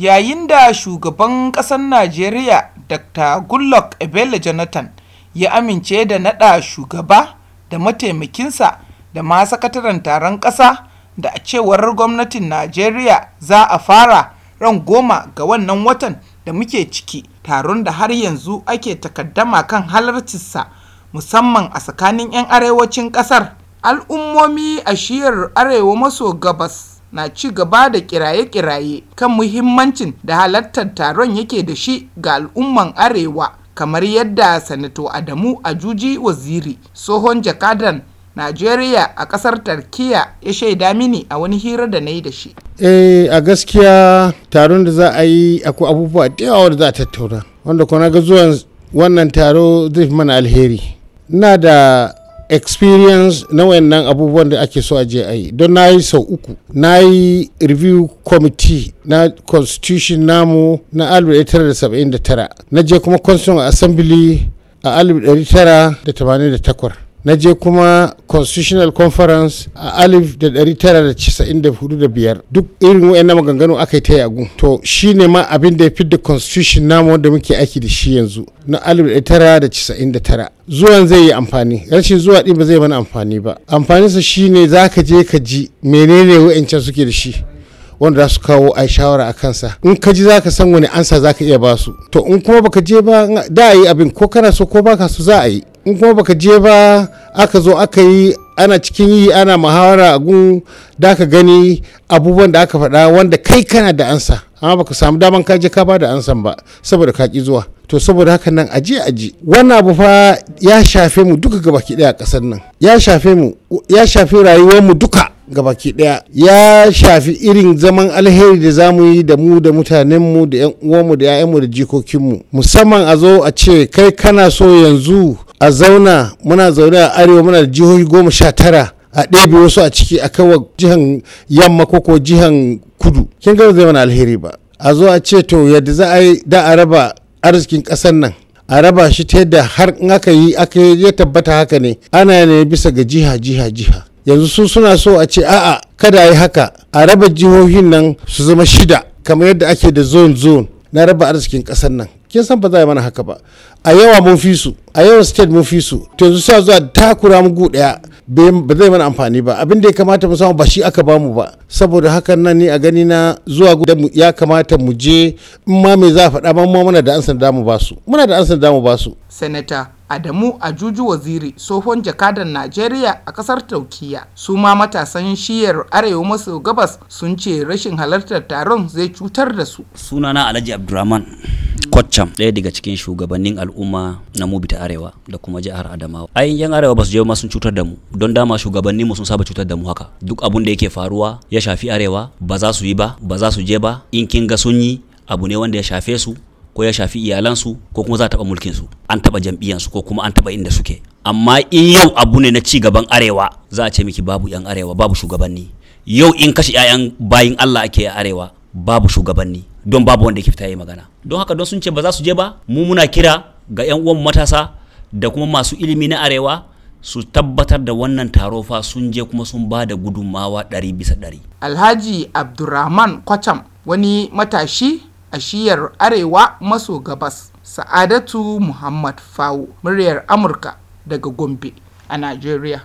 yayin da shugaban ƙasar najeriya dr goodluck ebele jonathan ya amince da naɗa shugaba da mataimakinsa da ma sakataren taron ƙasa da a cewar gwamnatin najeriya za a fara ran goma ga wannan watan da muke ciki taron da har yanzu ake takaddama kan halarcinsa musamman a tsakanin 'yan arewacin ƙasar al'ummomi a shiyar arewa maso gabas na ci gaba da kiraye-kiraye kan muhimmancin da halartar taron yake da shi ga al'umman arewa kamar yadda sanato adamu a juji waziri tsohon jakadan najeriya a kasar turkiya ya shaida mini a wani hira da na yi da shi eh a gaskiya taron da za a yi akwai abubuwa da yawa da za a tattauna wanda kuma ga zuwan wannan taro zai fi mana alheri na da experience na wayannan abubuwan da ake so a je a yi don na yi sau uku na yi review committee na constitution namu na 1979 na je kuma constitution assembly a 1988 na je kuma constitutional conference a alif da ɗari tara da casa'in da hudu da biyar duk irin na maganganu aka yi ta yagu to shi ne ma abin da ya fi da constitution namu wanda muke aiki da shi yanzu na alif da tara da casa'in da tara zuwan zai yi amfani rashin zuwa ɗin ba zai mana amfani ba amfaninsa shi ne za ka je ka ji menene wa'ancan suke da shi wanda za su kawo a shawara a kansa in ka ji za ka san wani ansa za ka iya ba su to in kuma baka je ba da yi abin ko kana so ko ba ka so za a yi in kuma baka je ba aka zo aka yi ana cikin yi ana muhawara a gun da ka gani abubuwan da aka faɗa wanda kai kana da ansa amma baka samu daman ka je ka ba da ansan ba saboda ka ki zuwa to saboda haka nan aji aji wannan abu fa ya shafe mu duka gabaki daya a nan ya shafe mu ya shafe rayuwar mu duka gabaki daya ya shafi irin zaman alheri da za mu yi da mu da mutanen mu da 'yan uwanmu da 'ya'yanmu da jikokin mu musamman a zo a ce kai kana so yanzu a zauna muna zaune a arewa muna da jihohi goma sha tara a ɗebe wasu a ciki a kawo jihan yamma ko ko jihan kudu kin ga zai mana alheri ba a zo a ce to yadda za a yi da a raba arzikin ƙasar nan a raba shi ta yadda har in aka yi aka ya tabbata haka ne ana ne bisa ga jiha jiha jiha yanzu su suna so a ce a'a kada yi haka a raba jihohin nan su zama shida kamar yadda ake da zone zone na raba arzikin ƙasar nan kin san ba za a yi mana haka ba a yawa mun fi su a yawan state mun fi su to yanzu sai zuwa takura mu gu daya ba zai mana amfani ba abin da ya kamata mu samu ba shi aka bamu ba saboda hakan nan ni a gani na zuwa gu ya kamata mu je in ma me za a faɗa mu muna da an da mu ba su muna da an da mu ba su senator Adamu Ajuju Waziri tsohon jakadan Najeriya a kasar Taukiya su ma matasan shiyar Arewa maso gabas sun ce rashin halartar taron zai cutar da su sunana Alhaji Abdulrahman kwaccam ɗaya daga cikin shugabannin al'umma na mubi ta arewa da kuma jihar adamawa ayin yan arewa ba su je ma sun cutar da mu don dama shugabannin mu sun saba cutar da mu haka duk abun da yake faruwa ya shafi arewa ba za su yi ba ba za su je ba in kin ga sun yi abu ne wanda ya shafe su ko ya shafi iyalansu ko kuma za a taɓa mulkinsu an taɓa jam'iyyansu ko kuma an taɓa inda suke amma in yau abu ne na ci gaban arewa za a ce miki babu yan arewa babu shugabanni yau in kashe 'ya'yan bayin allah ake a arewa babu shugabanni don babu wanda ke fita yi magana don haka don sun ce ba za su je ba mu muna kira ga 'yan uwan matasa da kuma masu ilimi na arewa su tabbatar da wannan taro fa sun je kuma sun ba da gudunmawa ɗari bisa ɗari. Alhaji Abdurrahman Kwacham wani matashi a shiyar arewa maso gabas Sa'adatu Muhammad Fawo muryar Amurka daga Gombe a Najeriya.